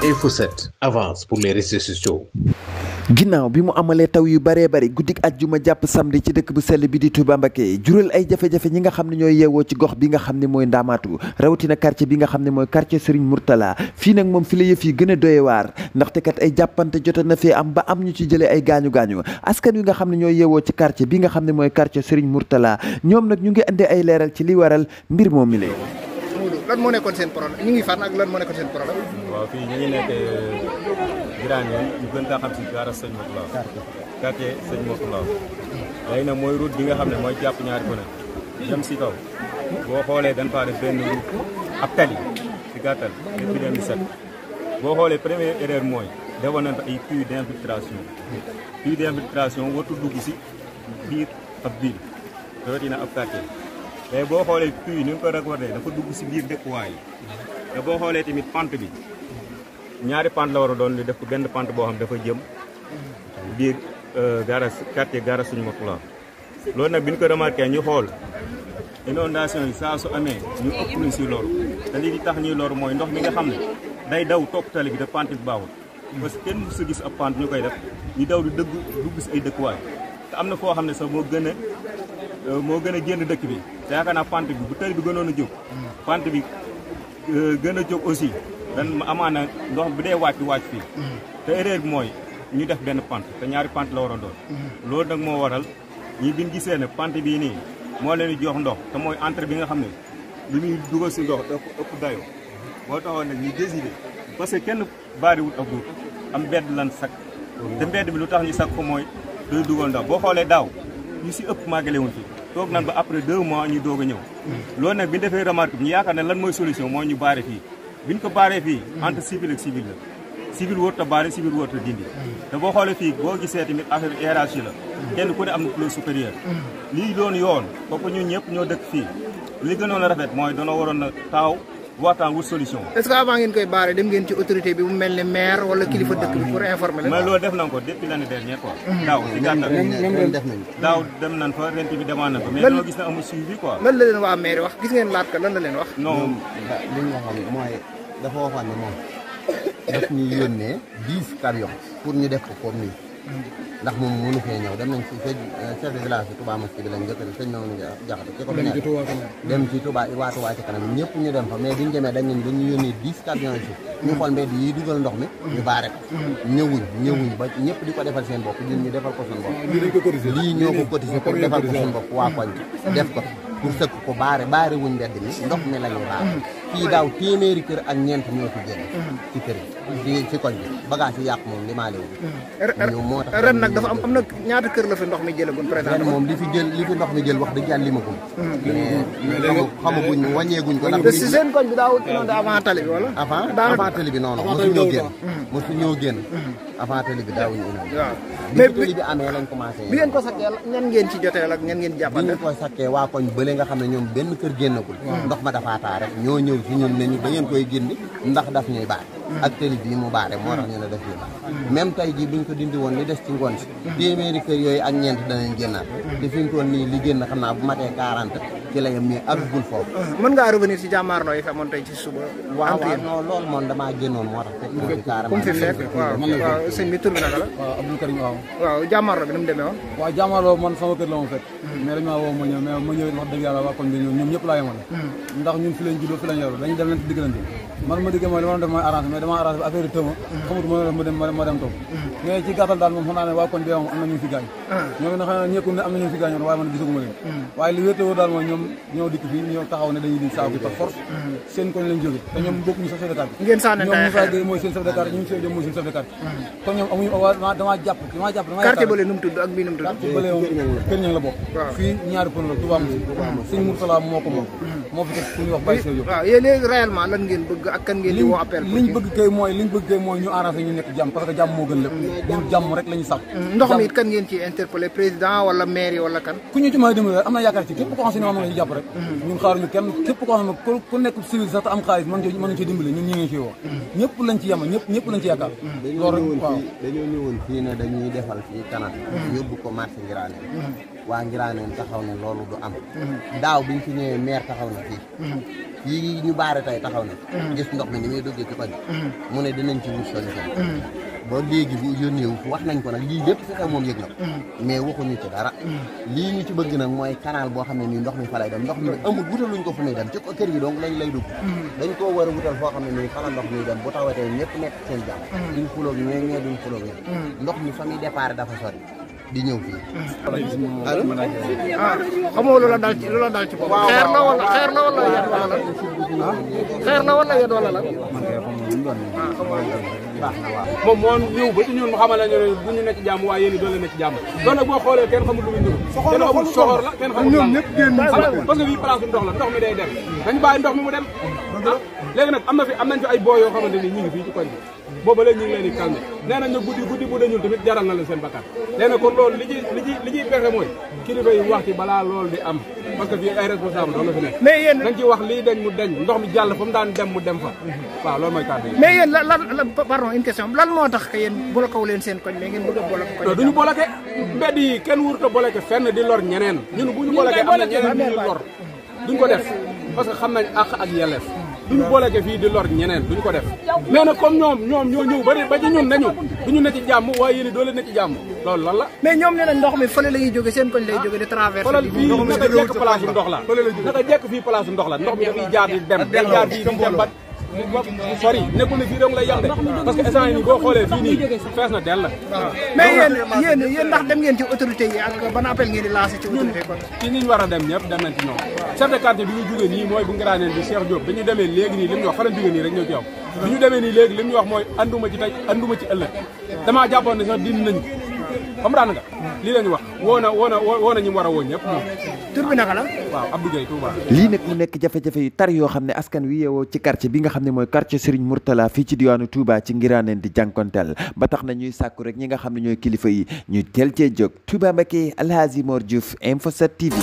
Info7 avance pour les réseaux sociaux. ginnaaw bi mu amalee taw yu baree bari guddik juma jàpp samedi ci dëkk bu sell bi di Touba jural ay jafe-jafe ñi nga xam ne ñooy yeewoo ci gox bi nga xam ne mooy ndaamaatu rawatina quartier bi nga xam ne mooy quartier Serigne Mourtala fii nag moom fi la yëf yi gën a doye waar ndaxte kat ay jàppante jote na fi am ba am ñu ci jëlee ay gaañu-gaañu askan wi nga xam ne ñooy yeewoo ci quartier bi nga xam ne mooy quartier Serigne Mourtala ñoom nag ñu ngi indi ay leeral ci li waral mbir moom mi lan moo nekkoon seen problème mu ngi fan ak lan moo nekkoon seen problème. waaw fii ñu ngi nekk Birane ñu gën kaa xam si gaara Sëñ Mourtala. quartier Sëñ Mourtala. léegi nag mooy route bi nga xam ne mooy jàpp ñaari ko ne jëm si kaw boo xoolee dañ faa def benn ab tali si gàttal depuis 2007 boo xoolee première erreur mooy defoon nañ fa ay puits d' infiltration puits d' infiltration wartu dugg si biir ab biir rawatina ab quartier. mais boo xoolee puits ni ñu ko récolté dafa dugg si biir dëkkuwaay te boo xoolee tamit pente bi ñaari pente la war a doon lu def ko benn pente boo xam dafa jëm biir euh, garas quartier garas suñu mbokk la loolu nag bi nu ko remarqué ñu xool inondation yi saa su amee ñu ëpp luñ si loolu te li tax ñuy loolu mooy ndox mi nga xam ne day daw toog tali bi te pente bi baaxul parce que kenn du sa gis ab pente ñu koy def ñu daw di dëgg dugg si ay dëkkuwaay te am na foo xam ne sax moo gën a Euh, moo gën a génn dëkk bi te yaakaar naa pant bi bu tëri bi gënoon a jóg pant bi euh, gën a jóg aussi dan amaana ndox bu dee wàcc wàcc fii te erreur bi mooy ñu def benn pant te ñaari pant la war a doon loolu nag moo waral ñi biñ gisee ne pant bii nii moo leen di jox ndox te mooy entrée bi nga xam ne li muy dugal si ndox ëpp ëpp dayoo moo taxoon nag ñu décidé parce que kenn baariwul ak guur am mbedd lan sakk te mbedd bi lu tax ñu sakk ko mooy duy duggoon ndox boo xoolee daaw ñu si ëpp màggale wuñ fi toog nan ba après deux mois doog a ñëw loolu nag bi ñu defee remarque bi ñu yaakaar ne lan mooy solution moo ñu baare fii bi ñu ko baaree fii entre la civil warut a baare civil warut a dindi te boo xoolee fii boo gisee tamit affaire la kenn ku ne am na plus supérieur lii doon yoon kooku ñun ñëpp ñoo dëkk fii li gënoon a rafet mooy danoo waroon a taaw waxtaan wut solution. est-ce que avant ngeen koy baare dem ngeen ci autorité bi bu mel ne maire wala kilifa dëkk bi pour informer leen. mais loolu def nañ ko depuis l'année mhm. def nañ daaw dem nañ fa rent bi demande ko. mais loolu gis na amul suivi quoi. lan la leen waa maire wax gis ngeen laat ka lan la leen wax. non mooy dafa waxoon ne moom daf ñuy yónnee dix camions pour ñu def ko comme nii. ndax moom mënu fee ñëw dem nañ ci euh, chef de village bi Touba Mosquée bi lañ njëkk a ko fi nekk dem ci Touba waa Touba ci kanam ñëpp ñu dem fa mais biñu demee dañ leen dañu yónnee dix camions yi ñu xool mbedd yi dugal ndox mi ñu baare ko ñëwuñ ñëwuñ ba ñëpp di ko defal seen bopp ñun ñu defal ko seen bopp lii ñoo ko cotisé pour defal ko seen bopp waa koñ def ko ñu sëkk ko baare baare wuñ mbedd mi ndox mi la ñuy baare mhm. fii daaw téeméeri kër ak ñeent ñoo fi génn mhm. ci kër yi ci koñ bi bagage yi yàqu moom li maa leen mhm. er, er, ñëw moo tax ren nag dafa am am na ñaata kër la fi ndox mi jëlagul ren moom li fi jël li fi ndox mi jël wax dëgg yàlla li ma gum mais xamaguñ wàññeeguñ ko ndax si seen koñ bi daaw inondé avant tali bi wala avant avant tali bi noonu mosu ñoo génn mosu ñoo génn avant tali bi daawuñu inondé bi tali bi amee lañ ñan ngeen ci jotee ak ñan ngeen jàppante bi ngeen ñooñu nga xam ne ñoom benn kër génnagul ndox ma dafa taa rek ñoo ñëw ci ñun ne ñu da ngeen koy génne ndax daf ñuy baare hmm. ak tëli bii mu baare moo tax ñu ne def ñuy baare hmm. même tey jii ñu ko dindi woon li des ci ngoon si hmm. téeméeri kër yooyu ak ñeent danañ génnaat te fi mu nii li génn xam naa bu matee 40 ci la yem mais àggul foofu. Ah, mën ngaa revenir si jàmmaarloo yi fi amoon tey ci suba. Ah, waaw waaw non loolu moom damaa génnoon moo tax. fekk naa fi carrément mu fekk waaw waaw sëñ bi tur bi a la. waaw Abdou Karim waaw. waaw jàmmaarloo bi nu mu demee waaw jàmmaarloo man sama kër la ma fekk. Hmm. mais dañ woo ma dem leen diggalante man ci gàttal daal moom xam naa waa kon bi am na ñu fi gaañ ah. ñoom na xam fi gaañoon waaye man gisaguma leen hmm. waaye li wér daal mooy ñoom ñoo dikk fii ñoo taxaw ne dañuy di saaku par force seen kon lañ jóge te ñoom bokkuñu sax chef de quartier ñoom Moussa Gueye mooy seen chef de quartier ñu ngi mooy seen chef de quartier kon ñoom amuñu damaa jàpp damaa jàpp damaa quartier bële nu mu tudd ak bii nu mu tudd kër ñang la bokk fii ñaari pën la Touba Moussa sëñ Mourtala moo ko moom moo fi teg ku ñuy wax Baye Sow waaw yéen léegi réellement lan ngeen bëgg ak kan ngeen di woo appel liñ bëgg kay mooy liñ bëgg kay mooy ñu arrangé ñu nekk jàmm parce que jàmm moo gën lépp ñun jàmm rek la ñu sàpp ndox mi it kan ngeen ci interpellé président wala maire wala kan ku ñu ci may dimbali am na yaakaar ci képp ko xam si ne ci jàpp rek ñun xaaruñu kenn képp koo xam ne ku nekk civil sax te am xaalis mën mën nañu ci dimbali ñun ñu ngi ciy woo ñëpp lañ ci yema ñëpp ñëpp lañ ci yaakaar loolu rek waaw dañoo ñëwoon fii ne dañuy defal waa ngiraaneen taxaw ne loolu du am daaw biñ fi ñëwee maire taxaw na fii fii ñu baare tey taxaw na mm-hmm. gis ndox mi ni muy duggee ci koñ mm-hmm. mu ne dinañ ci wut solution mm-hmm. ba léegi bu yónnee wu wax nañ ko nag lii lépp fi xew moom yëg na ko mm. mais waxuñu ci dara mm. lii ñu ci bëgg nag mooy canal boo xam ne nii ndox mi fa lay dem ndox mi amul wutaluñ ko fu muy dem ci ko kër lay dugg mm. dañ koo war a xam ne nii fa la ndox mi dem bu tawatee ñëpp nekk seen jàmm duñ xulóog ñee ñee duñ xulóog ñee ndox mi fa muy départ dafa sori di ñëw fii. allo. Ah, xamoo loola daal ci xeer na wala xeer na wala yet wala la. Ah? xeer na wala yet wala la. moom moo ñëw ba ci ñun mu xamal la ñu ne bu ñu nekk ci jàmm waaye i doole nekk ci jàmm loolu nag xoolee kenn xamul lu muy kenn xamul soxor la kenn xamul ñoom ñëpp génn parce que fii place ndox la ndox mi day dem dañu bàyyi ndox mi mu dem ah, léegi nag am na fi am nañ fi ay boo yoo xamante ni ñi ngi fii ci booba léegi ñu leen di calmer nee nañ ne guddi guddi bu dañul tamit jaral na la seen bakkan nee na kon li ci li ci li ciy wax ci balaa loolu di am parce que fii ay responsable na fi nekk mais yéen dañ ci wax lii dañ mu dañ ndox mi jàll fa mu daan dem mu dem fa waaw loolu mooy kàddu yi mais yéen lan lan pardon une question lan moo tax que yéen bolokaw leen seen koñ mais ngeen bëgg koñ duñu boloke mbedd yi kenn wurut a boloke fenn di lor ñeneen ñun bu ñu boloke am na ñeneen ñu ko def parce que xam nañ àq ak yelleef duñu booleke fii di lor ñeneen duñu ko def mais nag comme ñoom ñoom ñoo ñëw bari ba ci ñun nañu duñu ne ci jàmm waaye yéen doo ne ci jàmm loolu lan la ñoom nee ndox mi fële la ñuy jóge seen koñ lay ah, jóge di traversé xoolal naka jekk place ndox ndox la ndox mi dafay jaar di dem jaar fii di bu sori nekkul ne fii dong lay yam de parce que instant boo xoolee fii fees na dell la. waaw ah. mais yéen yéen dem ngeen ci autorité yi ak ban appel ngeen di ci autorité kon. ci ñu war dem ñëpp dem ci ñoom. chef de quartier ñu jógee nii mooy bu ngaraaneen bi Cheikh Diop bi ñu demee léegi li mu ñu wax fa nii rek ñoo ci yow. ñu demee nii léegi li mu ñu mooy anduma ci tey anduma ci ëllëg damaa jàppoon ne sax dindi nañ comprendre nga lii la ñu wax woo na woo mu la waaw Abdou Gueye lii nag mu nekk jafe-jafe yu tar yoo xam ne askan wi yeewoo ci quartier bi nga xam ne mooy quartier Serigne Mourtala fii ci diwaanu Touba ci ngiraaneen di jànkonteel ba tax na ñuy sàkku rek ñi nga xam ne ñooy kilifa yi ñuy teel cee jóg Touba Mbacké Alhaji Mor Diouf Info TV